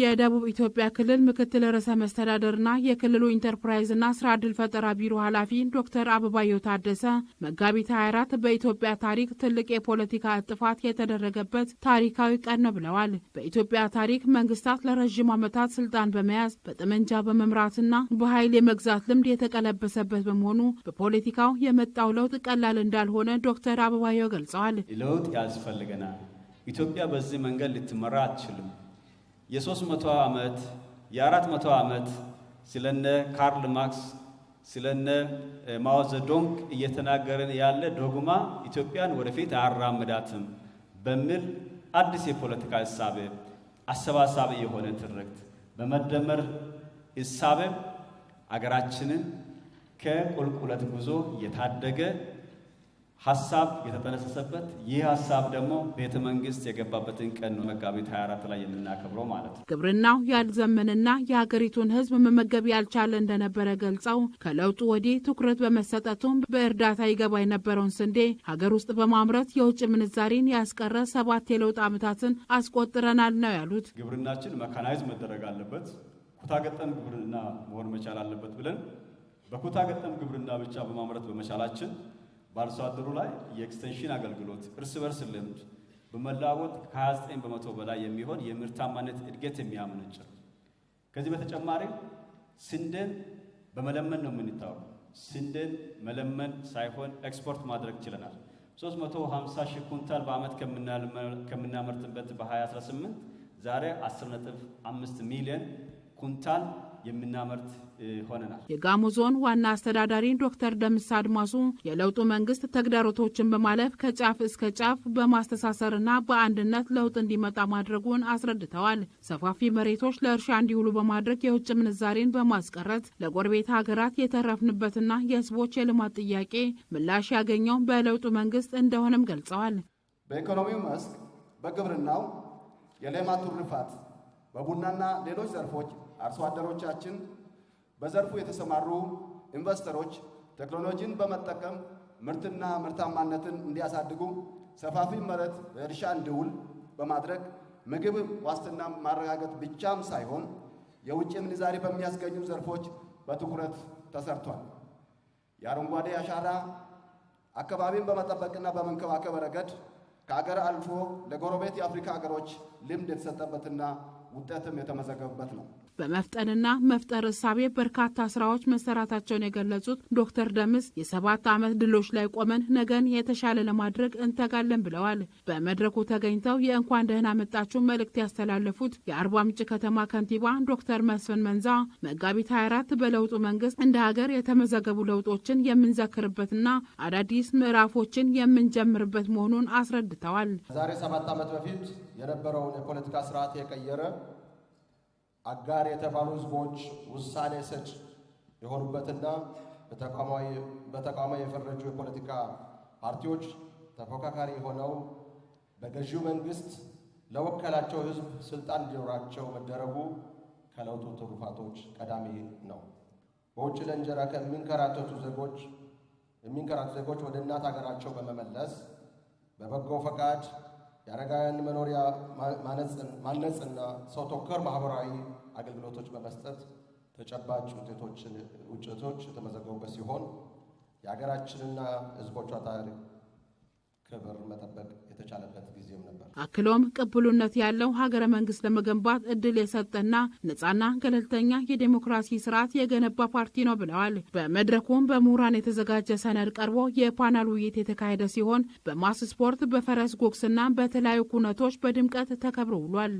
የደቡብ ኢትዮጵያ ክልል ምክትል ርዕሰ መስተዳደርና የክልሉ ኢንተርፕራይዝና ስራ ዕድል ፈጠራ ቢሮ ኃላፊ ዶክተር አበባየሁ ታደሰ መጋቢት 24 በኢትዮጵያ ታሪክ ትልቅ የፖለቲካ እጥፋት የተደረገበት ታሪካዊ ቀን ነው ብለዋል። በኢትዮጵያ ታሪክ መንግስታት ለረዥም ዓመታት ስልጣን በመያዝ በጠመንጃ በመምራትና በኃይል የመግዛት ልምድ የተቀለበሰበት በመሆኑ በፖለቲካው የመጣው ለውጥ ቀላል እንዳልሆነ ዶክተር አበባየው ገልጸዋል። ለውጥ ያስፈልገናል። ኢትዮጵያ በዚህ መንገድ ልትመራ አትችልም። የሶስት መቶ ዓመት የአራት መቶ ዓመት ስለነ ካርል ማክስ ስለነ ማወዘዶንግ እየተናገረን ያለ ዶግማ ኢትዮጵያን ወደፊት አያራምዳትም በሚል አዲስ የፖለቲካ እሳቤ አሰባሳቢ የሆነ ትርክት በመደመር እሳቤ አገራችንን ከቁልቁለት ጉዞ የታደገ ሀሳብ የተጠነሰሰበት ይህ ሀሳብ ደግሞ ቤተ መንግስት የገባበትን ቀን ነው መጋቢት 24 ላይ የምናከብረው ማለት ነው። ግብርናው ያልዘመንና የሀገሪቱን ህዝብ መመገብ ያልቻለ እንደነበረ ገልጸው ከለውጡ ወዲህ ትኩረት በመሰጠቱም በእርዳታ ይገባ የነበረውን ስንዴ ሀገር ውስጥ በማምረት የውጭ ምንዛሪን ያስቀረ ሰባት የለውጥ ዓመታትን አስቆጥረናል ነው ያሉት። ግብርናችን መካናይዝ መደረግ አለበት፣ ኩታገጠም ግብርና መሆን መቻል አለበት ብለን በኩታ ገጠም ግብርና ብቻ በማምረት በመቻላችን በአርሶ አደሩ ላይ የኤክስቴንሽን አገልግሎት እርስ በርስ ልምድ በመለዋወጥ ከ29 በመቶ በላይ የሚሆን የምርታማነት እድገት የሚያመነጭ ነው። ከዚህ በተጨማሪ ስንዴን በመለመን ነው የምንታወቀው። ስንዴን መለመን ሳይሆን ኤክስፖርት ማድረግ ችለናል። 350 ሺህ ኩንታል በዓመት ከምናመርትበት በ2018 ዛሬ 10.5 ሚሊዮን ኩንታል የምናመርት ሆነናል። የጋሞ ዞን ዋና አስተዳዳሪ ዶክተር ደምስ አድማሱ የለውጡ መንግስት ተግዳሮቶችን በማለፍ ከጫፍ እስከ ጫፍ በማስተሳሰርና በአንድነት ለውጥ እንዲመጣ ማድረጉን አስረድተዋል። ሰፋፊ መሬቶች ለእርሻ እንዲውሉ በማድረግ የውጭ ምንዛሬን በማስቀረት ለጎረቤት ሀገራት የተረፍንበትና የህዝቦች የልማት ጥያቄ ምላሽ ያገኘው በለውጡ መንግስት እንደሆነም ገልጸዋል። በኢኮኖሚው መስክ፣ በግብርናው የሌማቱ ርፋት በቡናና ሌሎች ዘርፎች አርሶ አደሮቻችን፣ በዘርፉ የተሰማሩ ኢንቨስተሮች ቴክኖሎጂን በመጠቀም ምርትና ምርታማነትን እንዲያሳድጉ ሰፋፊ መሬት ለእርሻ እንዲውል በማድረግ ምግብ ዋስትና ማረጋገጥ ብቻም ሳይሆን የውጭ ምንዛሪ በሚያስገኙ ዘርፎች በትኩረት ተሰርቷል። የአረንጓዴ አሻራ አካባቢን በመጠበቅና በመንከባከብ ረገድ ከአገር አልፎ ለጎረቤት የአፍሪካ ሀገሮች ልምድ የተሰጠበትና ውጤትም የተመዘገበበት ነው። በመፍጠንና መፍጠር እሳቤ በርካታ ስራዎች መሰራታቸውን የገለጹት ዶክተር ደምስ የሰባት ዓመት ድሎች ላይ ቆመን ነገን የተሻለ ለማድረግ እንተጋለን ብለዋል። በመድረኩ ተገኝተው የእንኳን ደህና መጣችሁ መልእክት ያስተላለፉት የአርባ ምንጭ ከተማ ከንቲባ ዶክተር መስፍን መንዛ መጋቢት 24 በለውጡ መንግስት እንደ ሀገር የተመዘገቡ ለውጦችን የምንዘክርበትና አዳዲስ ምዕራፎችን የምንጀምርበት መሆኑን አስረድተዋል። ዛሬ ሰባት ዓመት በፊት የነበረውን የፖለቲካ ስርዓት የቀየረ አጋር የተባሉ ህዝቦች ውሳኔ ሰጭ የሆኑበትና በተቋማዊ የፈረጁ የፖለቲካ ፓርቲዎች ተፎካካሪ ሆነው በገዢው መንግስት ለወከላቸው ህዝብ ስልጣን እንዲኖራቸው መደረጉ ከለውጡ ትሩፋቶች ቀዳሚ ነው። በውጭ ለእንጀራ ከሚንከራተቱ ዜጎች የሚንከራተቱ ዜጎች ወደ እናት ሀገራቸው በመመለስ በበጎ ፈቃድ የአረጋውያን መኖሪያ ማነጽና ሰው ተኮር ማህበራዊ አገልግሎቶች በመስጠት ተጨባጭ ውጤቶች የተመዘገቡበት ሲሆን የሀገራችንና ሕዝቦቿ ታሪክ ክብር መጠበቅ የተቻለበት ጊዜም ነበር። አክሎም ቅቡልነት ያለው ሀገረ መንግስት ለመገንባት እድል የሰጠና ነጻና ገለልተኛ የዴሞክራሲ ስርዓት የገነባ ፓርቲ ነው ብለዋል። በመድረኩም በምሁራን የተዘጋጀ ሰነድ ቀርቦ የፓናል ውይይት የተካሄደ ሲሆን በማስ ስፖርት፣ በፈረስ ጉግስና በተለያዩ ኩነቶች በድምቀት ተከብሮ ውሏል።